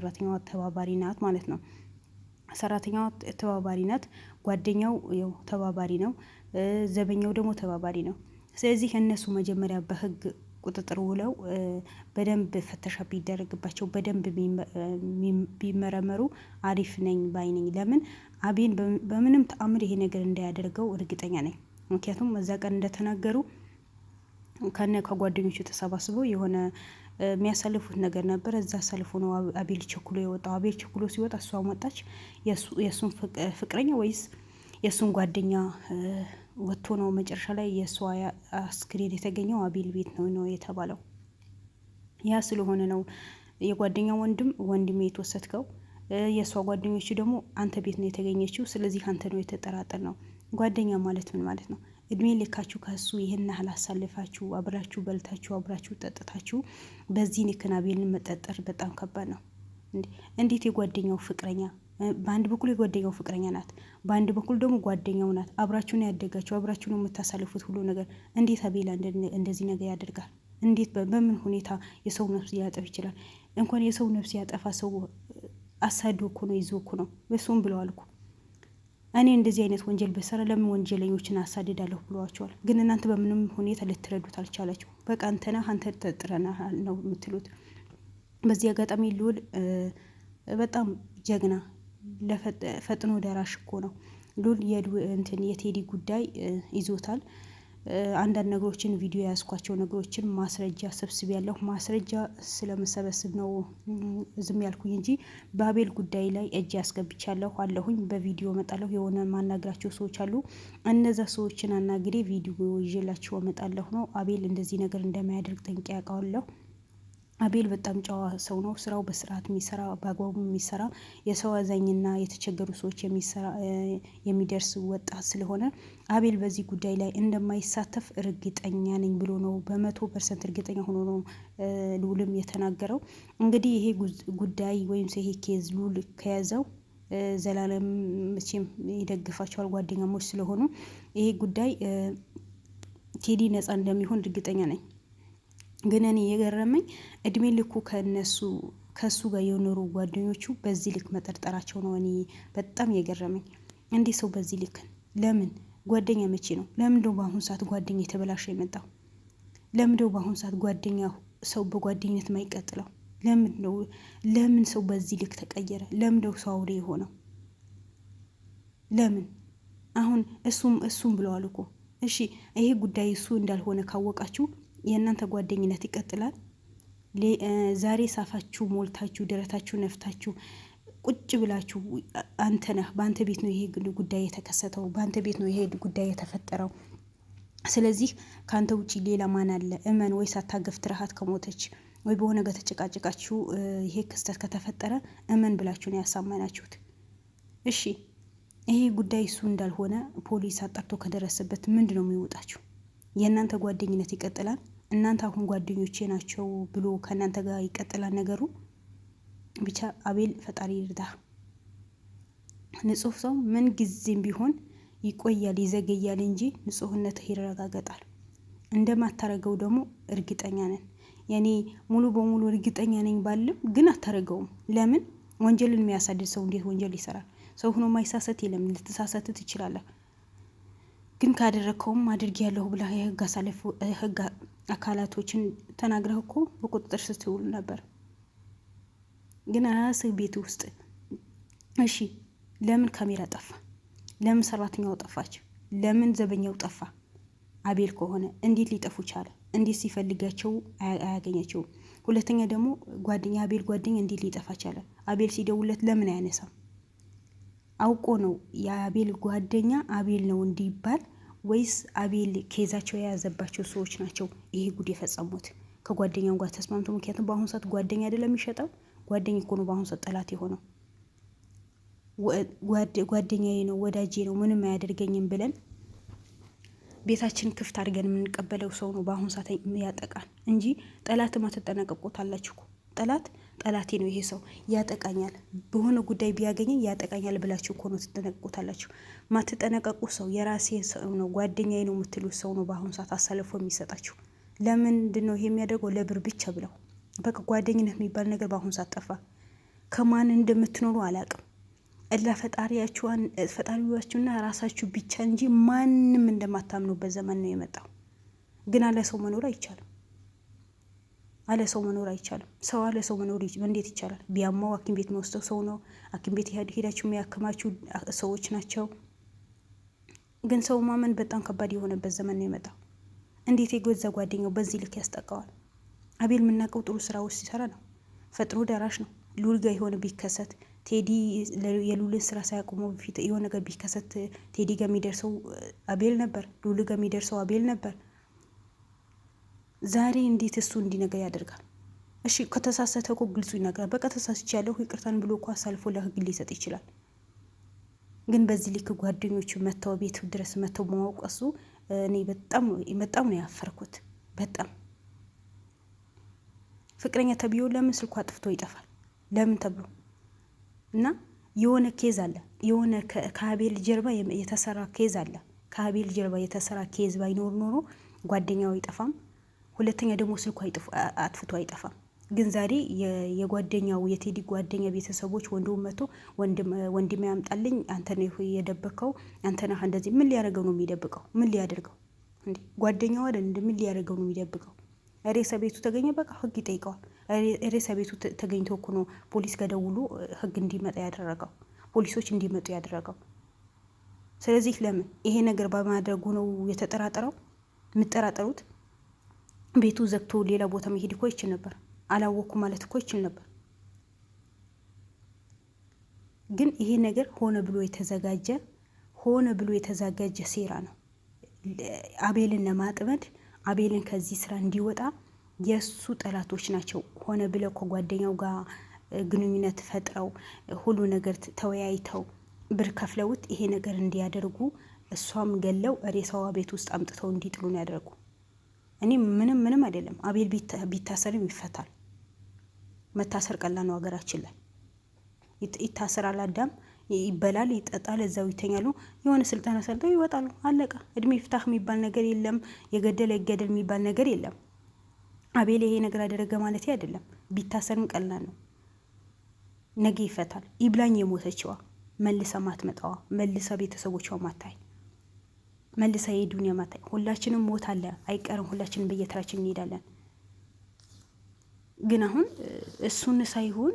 ሰራተኛዋ ተባባሪ ናት ማለት ነው። ሰራተኛዋ ተባባሪ ናት፣ ጓደኛው ያው ተባባሪ ነው፣ ዘበኛው ደግሞ ተባባሪ ነው። ስለዚህ እነሱ መጀመሪያ በህግ ቁጥጥር ውለው በደንብ ፍተሻ ቢደረግባቸው በደንብ ቢመረመሩ አሪፍ ነኝ ባይ ነኝ። ለምን አቤን በምንም ተአምር ይሄ ነገር እንዳያደርገው እርግጠኛ ነኝ። ምክንያቱም እዛ ቀን እንደተናገሩ ከነ ከጓደኞቹ ተሰባስበው የሆነ የሚያሳልፉት ነገር ነበር። እዛ ሰልፉ ነው አቤል ቸኩሎ የወጣው። አቤል ቸኩሎ ሲወጣ እሷ ወጣች። የእሱን ፍቅረኛ ወይስ የእሱን ጓደኛ ወጥቶ ነው መጨረሻ ላይ የእሷ አስክሬን የተገኘው አቤል ቤት ነው ነው የተባለው። ያ ስለሆነ ነው የጓደኛ ወንድም ወንድሜ የተወሰድከው፣ የእሷ ጓደኞቹ ደግሞ አንተ ቤት ነው የተገኘችው። ስለዚህ አንተ ነው የተጠራጠር ነው። ጓደኛ ማለት ምን ማለት ነው? እድሜ ልካችሁ ከሱ ይህን ያህል አሳልፋችሁ አብራችሁ በልታችሁ አብራችሁ ጠጥታችሁ በዚህ ንክና ቤልን መጠጠር በጣም ከባድ ነው። እንዴት የጓደኛው ፍቅረኛ በአንድ በኩል የጓደኛው ፍቅረኛ ናት፣ በአንድ በኩል ደግሞ ጓደኛው ናት። አብራችሁን ያደጋችሁ አብራችሁን የምታሳልፉት ሁሉ ነገር እንዴት አቤላ እንደዚህ ነገር ያደርጋል? እንዴት በምን ሁኔታ የሰው ነፍስ ሊያጠፍ ይችላል? እንኳን የሰው ነፍስ ያጠፋ ሰው አሳዶ እኮ ነው ይዞ እኮ ነው። እሱም ብለዋል እኮ እኔ እንደዚህ አይነት ወንጀል በሰራ ለምን ወንጀለኞችን አሳድዳለሁ ብሏቸዋል። ግን እናንተ በምንም ሁኔታ ልትረዱት አልቻላችሁ። በቃ አንተና አንተ ተጥረናል ነው የምትሉት። በዚህ አጋጣሚ ልውል በጣም ጀግና ፈጥኖ ደራሽ እኮ ነው ልውል። እንትን የቴዲ ጉዳይ ይዞታል። አንዳንድ ነገሮችን ቪዲዮ የያዝኳቸው ነገሮችን ማስረጃ ሰብስብ ያለሁ ማስረጃ ስለምሰበስብ ነው ዝም ያልኩኝ እንጂ በአቤል ጉዳይ ላይ እጅ ያስገብቻለሁ አለሁኝ። በቪዲዮ መጣለሁ። የሆነ ማናገራቸው ሰዎች አሉ። እነዛ ሰዎችን አናግሬ ቪዲዮ ይዤላቸው መጣለሁ ነው። አቤል እንደዚህ ነገር እንደማያደርግ ጠንቅ አውቃለሁ። አቤል በጣም ጨዋ ሰው ነው። ስራው በስርዓት የሚሰራ በአግባቡ የሚሰራ የሰው አዛኝና የተቸገሩ ሰዎች የሚደርስ ወጣት ስለሆነ አቤል በዚህ ጉዳይ ላይ እንደማይሳተፍ እርግጠኛ ነኝ ብሎ ነው በመቶ ፐርሰንት እርግጠኛ ሆኖ ነው ልዑልም የተናገረው። እንግዲህ ይሄ ጉዳይ ወይም ይሄ ኬዝ ልዑል ከያዘው ዘላለም መቼም ይደግፋቸዋል፣ ጓደኛሞች ስለሆኑ ይሄ ጉዳይ ቴዲ ነፃ እንደሚሆን እርግጠኛ ነኝ። ግን እኔ የገረመኝ እድሜ ልኩ ከነሱ ከእሱ ጋር የኖሩ ጓደኞቹ በዚህ ልክ መጠርጠራቸው ነው። እኔ በጣም የገረመኝ እንዲህ ሰው በዚህ ልክ ለምን ጓደኛ መቼ ነው? ደው በአሁኑ ሰዓት ጓደኛ የተበላሸ የመጣው? ደው በአሁኑ ሰዓት ጓደኛ ሰው በጓደኝነት ለምን ለምንድነው ለምን ሰው በዚህ ልክ ተቀየረ? ደው ሰው አውሬ የሆነው? ለምን አሁን እሱም እሱም ብለዋል እኮ እሺ፣ ይሄ ጉዳይ እሱ እንዳልሆነ ካወቃችሁ የእናንተ ጓደኝነት ይቀጥላል። ዛሬ ሳፋችሁ ሞልታችሁ ደረታችሁ ነፍታችሁ ቁጭ ብላችሁ አንተ ነህ በአንተ ቤት ነው ይሄ ጉዳይ የተከሰተው፣ በአንተ ቤት ነው ይሄ ጉዳይ የተፈጠረው። ስለዚህ ከአንተ ውጭ ሌላ ማን አለ? እመን ወይ ሳታገፍት ትርሃት ከሞተች ወይ በሆነ ነገር ተጨቃጨቃችሁ ይሄ ክስተት ከተፈጠረ እመን ብላችሁ ነው ያሳመናችሁት። እሺ ይሄ ጉዳይ እሱ እንዳልሆነ ፖሊስ አጣርቶ ከደረሰበት ምንድን ነው የሚወጣችሁ? የእናንተ ጓደኝነት ይቀጥላል። እናንተ አሁን ጓደኞቼ ናቸው ብሎ ከእናንተ ጋር ይቀጥላል ነገሩ። ብቻ አቤል ፈጣሪ ይርዳ። ንጹህ ሰው ምን ጊዜም ቢሆን ይቆያል፣ ይዘገያል እንጂ ንጹህነት ይረጋገጣል። እንደማታረገው ደግሞ እርግጠኛ ነን። የኔ ሙሉ በሙሉ እርግጠኛ ነኝ ባልም ግን አታረገውም። ለምን ወንጀልን የሚያሳድድ ሰው እንዴት ወንጀል ይሰራል? ሰው ሆኖ ማይሳሰት የለም። ልትሳሰት ትችላለህ፣ ግን ካደረግከውም አድርጌ ያለሁ ብላ ህግ አካላቶችን ተናግረህ እኮ በቁጥጥር ስር ነበር። ግን ራስህ ቤት ውስጥ እሺ፣ ለምን ካሜራ ጠፋ? ለምን ሰራተኛው ጠፋች? ለምን ዘበኛው ጠፋ? አቤል ከሆነ እንዴት ሊጠፉ ቻለ? እንዴት ሲፈልጋቸው አያገኛቸውም? ሁለተኛ ደግሞ ጓደኛ አቤል ጓደኛ እንዴት ሊጠፋ ቻለ? አቤል ሲደውለት ለምን አያነሳም? አውቆ ነው የአቤል ጓደኛ አቤል ነው እንዲባል ወይስ አቤል ኬዛቸው የያዘባቸው ሰዎች ናቸው ይሄ ጉድ የፈጸሙት? ከጓደኛው ጋር ተስማምቶ፣ ምክንያቱም በአሁኑ ሰዓት ጓደኛ አይደለም የሚሸጠው፣ ጓደኛ እኮ ነው በአሁኑ ሰዓት ጠላት የሆነው። ጓደኛዬ ነው ወዳጄ ነው ምንም አያደርገኝም ብለን ቤታችን ክፍት አድርገን የምንቀበለው ሰው ነው በአሁኑ ሰዓት ያጠቃል እንጂ ጠላት አትጠነቀቁት አላችሁ ጠላት ጠላቴ ነው ይሄ ሰው ያጠቃኛል፣ በሆነ ጉዳይ ቢያገኘኝ ያጠቃኛል ብላችሁ እኮ ነው ትጠነቀቁታላችሁ። ማትጠነቀቁ ሰው የራሴ ሰው ነው ጓደኛዬ ነው የምትሉ ሰው ነው በአሁኑ ሰዓት አሳልፎ የሚሰጣችሁ። ለምንድን ነው ይሄ የሚያደርገው? ለብር ብቻ ብለው በቃ ጓደኝነት የሚባል ነገር በአሁኑ ሰዓት ጠፋ። ከማን እንደምትኖሩ አላቅም። እላ ፈጣሪያችሁን ፈጣሪያችሁና ራሳችሁ ብቻ እንጂ ማንም እንደማታምኑበት ዘመን ነው የመጣው። ግን አለ ሰው መኖር አይቻልም። አለ ሰው መኖር አይቻልም። ሰው አለ ሰው መኖር እንዴት ይቻላል? ቢያማው ሐኪም ቤት መወስደው ሰው ነው። ሐኪም ቤት ሄዳችሁ የሚያክማችሁ ሰዎች ናቸው። ግን ሰው ማመን በጣም ከባድ የሆነበት ዘመን ነው የመጣው። እንዴት የገዛ ጓደኛው በዚህ ልክ ያስጠቀዋል። አቤል የምናውቀው ጥሩ ስራ ውስጥ ሲሰራ ነው። ፈጥኖ ደራሽ ነው። ሉል ጋ የሆነ ቢከሰት ቴዲ የሉልን ስራ ሳያቆመው በፊት የሆነ ነገር ቢከሰት ቴዲ ጋ የሚደርሰው አቤል ነበር። ሉል ጋ የሚደርሰው አቤል ነበር። ዛሬ እንዴት እሱ እንዲነገር ያደርጋል? እሺ ከተሳሰተ እኮ ግልጹ ይነግራል። በቃ ተሳስቼ ያለሁ ይቅርታን ብሎ እኮ አሳልፎ ለህግ ሊሰጥ ይችላል። ግን በዚህ ልክ ጓደኞቹ መጥተው ቤት ድረስ መተው በማወቅ እኔ በጣም በጣም ነው ያፈርኩት። በጣም ፍቅረኛ ተብዮ ለምን ስልኩ አጥፍቶ ይጠፋል? ለምን ተብሎ እና የሆነ ኬዝ አለ። የሆነ ከአቤል ጀርባ የተሰራ ኬዝ አለ። ከአቤል ጀርባ የተሰራ ኬዝ ባይኖር ኖሮ ጓደኛው አይጠፋም። ሁለተኛ ደግሞ ስልኩ አጥፍቶ አይጠፋም። ግን ዛሬ የጓደኛው የቴዲ ጓደኛ ቤተሰቦች ወንድሙ መቶ ወንድም ያምጣልኝ አንተን የደበቀው አንተና እንደዚህ ምን ሊያደርገው ነው የሚደብቀው? ምን ሊያደርገው ጓደኛው አይደል? ምን ሊያደርገው ነው የሚደብቀው? ሬሰ ቤቱ ተገኘ፣ በቃ ህግ ይጠይቀዋል። ሬሰ ቤቱ ተገኝቶ እኮ ነው ፖሊስ ከደውሎ ህግ እንዲመጣ ያደረገው፣ ፖሊሶች እንዲመጡ ያደረገው። ስለዚህ ለምን ይሄ ነገር በማድረጉ ነው የተጠራጠረው የምጠራጠሩት ቤቱ ዘግቶ ሌላ ቦታ መሄድ እኮ ይችል ነበር። አላወቅኩ ማለት እኮ ይችል ነበር። ግን ይሄ ነገር ሆነ ብሎ የተዘጋጀ ሆነ ብሎ የተዘጋጀ ሴራ ነው። አቤልን ለማጥመድ አቤልን ከዚህ ስራ እንዲወጣ የእሱ ጠላቶች ናቸው። ሆነ ብለው ከጓደኛው ጋር ግንኙነት ፈጥረው ሁሉ ነገር ተወያይተው ብር ከፍለውት ይሄ ነገር እንዲያደርጉ እሷም ገለው ሬሳዋ ቤት ውስጥ አምጥተው እንዲጥሉ ነው ያደርጉ እኔ ምንም ምንም አይደለም። አቤል ቢታሰርም ይፈታል። መታሰር ቀላል ነው ሀገራችን ላይ ይታሰራል። አዳም ይበላል፣ ይጠጣል፣ እዛው ይተኛሉ። የሆነ ስልጠና ሰልጠው ይወጣሉ። አለቀ። እድሜ ይፍታህ የሚባል ነገር የለም። የገደለ ይገደል የሚባል ነገር የለም። አቤል ይሄ ነገር አደረገ ማለት አይደለም። ቢታሰርም ቀላል ነው። ነገ ይፈታል። ይብላኝ የሞተችዋ መልሳ ማትመጣዋ መልሳ ቤተሰቦቿ ማታይ መልሳ የዱንያ ማታ ሁላችንም ሞት አለ አይቀርም። ሁላችንም በየተራችን እንሄዳለን። ግን አሁን እሱን ሳይሆን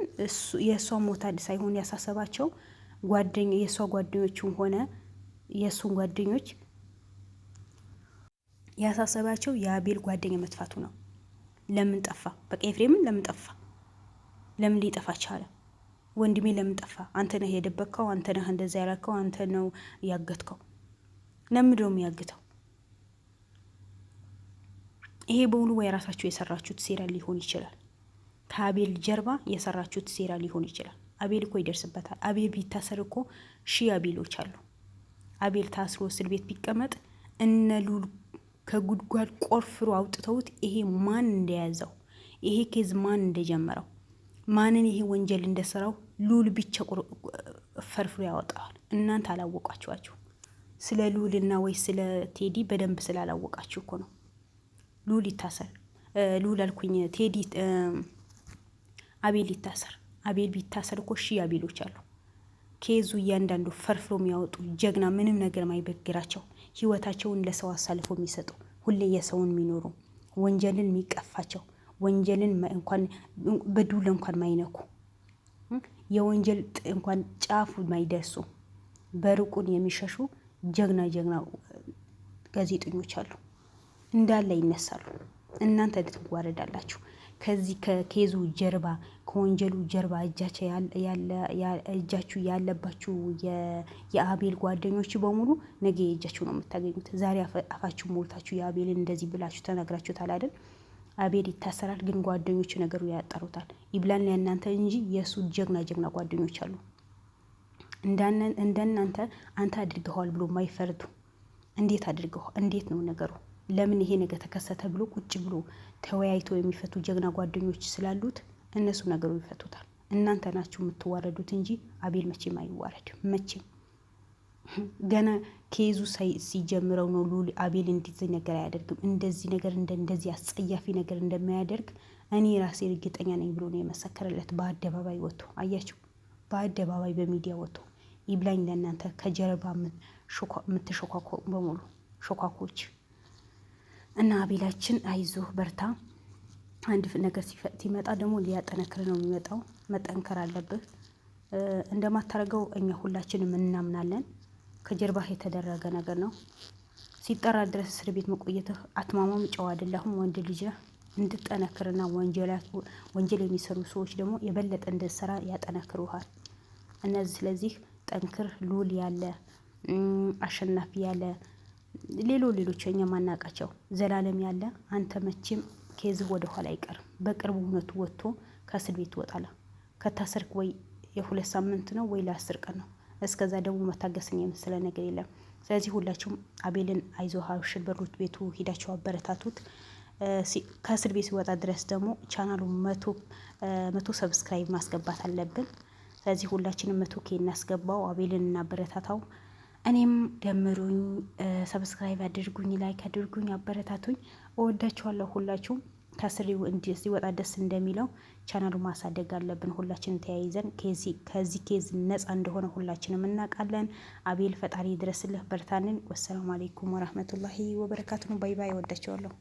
የእሷ ሞት ሳይሆን ያሳሰባቸው የእሷ ጓደኞችም ሆነ የእሱን ጓደኞች ያሳሰባቸው የአቤል ጓደኛ መጥፋቱ ነው። ለምን ጠፋ? በቃ ኤፍሬምን ለምን ጠፋ? ለምን ሊጠፋ ቻለ? ወንድሜ ለምን ጠፋ? አንተ ነህ የደበቅከው፣ አንተ ነህ እንደዛ ያላከው፣ አንተ ነው ያገትከው ለምዶ የሚያግተው ይሄ በሙሉ ወይ ራሳችሁ የሰራችሁት ሴራ ሊሆን ይችላል። ከአቤል ጀርባ የሰራችሁት ሴራ ሊሆን ይችላል። አቤል እኮ ይደርስበታል። አቤል ቢታሰር እኮ ሺህ አቤሎች አሉ። አቤል ታስሮ እስር ቤት ቢቀመጥ እነ ሉል ከጉድጓድ ቆርፍሮ አውጥተውት ይሄ ማን እንደያዘው ይሄ ኬዝ ማን እንደጀመረው ማንን ይሄ ወንጀል እንደሰራው ሉል ብቻ ፈርፍሮ ያወጣዋል። እናንተ አላወቋችኋቸው። ስለ ልዑልና ወይ ስለ ቴዲ በደንብ ስላላወቃችሁ እኮ ነው። ሉል ይታሰር፣ ሉል አልኩኝ፣ ቴዲ አቤል ይታሰር። አቤል ቢታሰር እኮ ሺ አቤሎች አሉ። ከዙ እያንዳንዱ ፈርፍሮ የሚያወጡ ጀግና፣ ምንም ነገር ማይበግራቸው፣ ህይወታቸውን ለሰው አሳልፎ የሚሰጡ ሁሌ የሰውን የሚኖሩ ወንጀልን የሚቀፋቸው ወንጀልን እንኳን በዱል እንኳን ማይነኩ የወንጀል እንኳን ጫፉ ማይደርሱ በሩቁን የሚሸሹ ጀግና ጀግና ጋዜጠኞች አሉ፣ እንዳለ ይነሳሉ። እናንተ ትዋረዳላችሁ። ከዚህ ከኬዙ ጀርባ ከወንጀሉ ጀርባ እጃችሁ ያለባችሁ የአቤል ጓደኞች በሙሉ ነገ የእጃችሁ ነው የምታገኙት። ዛሬ አፋችሁ ሞልታችሁ የአቤልን እንደዚህ ብላችሁ ተናግራችሁታል አይደል? አቤል ይታሰራል፣ ግን ጓደኞቹ ነገሩ ያጠሩታል። ይብላን ያናንተ እንጂ የእሱ ጀግና ጀግና ጓደኞች አሉ። እንደናንተ አንተ አድርገዋል ብሎ ማይፈርዱ እንዴት አድርገው እንዴት ነው ነገሩ? ለምን ይሄ ነገር ተከሰተ ብሎ ቁጭ ብሎ ተወያይቶ የሚፈቱ ጀግና ጓደኞች ስላሉት እነሱ ነገሩ ይፈቱታል። እናንተ ናችሁ የምትዋረዱት እንጂ አቤል መቼም አይዋረድ መቼም ገና ከይዙ ሲጀምረው ነው ሉል አቤል እንደዚህ ነገር አያደርግም፣ እንደዚህ ነገር እንደዚህ አስጸያፊ ነገር እንደማያደርግ እኔ ራሴ እርግጠኛ ነኝ ብሎ ነው የመሰከረለት። በአደባባይ ወጥቶ አያችሁ፣ በአደባባይ በሚዲያ ወጥቶ ይብላኝ ለእናንተ ከጀርባ የምትሸኳኮ በሙሉ ሸኳኮች እና አቤላችን አይዞ በርታ። አንድ ነገር ሲመጣ ደግሞ ሊያጠነክር ነው የሚመጣው። መጠንከር አለብህ። እንደማታደርገው እኛ ሁላችንም እናምናለን። ከጀርባህ የተደረገ ነገር ነው። ሲጠራ ድረስ እስር ቤት መቆየትህ አትማማም። ጨው አደላሁም ወንድ ልጅ እንድጠነክርና ወንጀል የሚሰሩ ሰዎች ደግሞ የበለጠ እንድትሰራ ያጠነክሩሃል። እነዚህ ስለዚህ ጠንክር ሉል ያለ አሸናፊ ያለ ሌሎ ሌሎች እኛ ማናቃቸው ዘላለም ያለ አንተ መቼም ከዚህ ወደ ኋላ አይቀርም። በቅርቡ እውነቱ ወጥቶ ከእስር ቤት ትወጣለ ከታሰርክ ወይ የሁለት ሳምንት ነው ወይ ለአስር ቀን ነው። እስከዛ ደግሞ መታገስን የመሰለ ነገር የለም። ስለዚህ ሁላችሁም አቤልን አይዞ አብሽር በሩት ቤቱ ሂዳቸው አበረታቱት። ከእስር ቤት ሲወጣ ድረስ ደግሞ ቻናሉ መቶ ሰብስክራይብ ማስገባት አለብን። ስለዚህ ሁላችንም መቶ ኬ እናስገባው፣ አቤልን እናበረታታው። እኔም ደምሩኝ፣ ሰብስክራይብ አድርጉኝ፣ ላይክ አድርጉኝ፣ አበረታቱኝ። እወዳችኋለሁ ሁላችሁም። ከስር ሲወጣ ደስ እንደሚለው ቻናሉ ማሳደግ አለብን። ሁላችን ተያይዘን ከዚህ ኬዝ ነፃ እንደሆነ ሁላችንም እናውቃለን። አቤል ፈጣሪ ድረስልህ፣ በርታንን። ወሰላሙ አሌይኩም ወረህመቱላሂ ወበረካቱን። ባይ ባይ። እወዳችኋለሁ።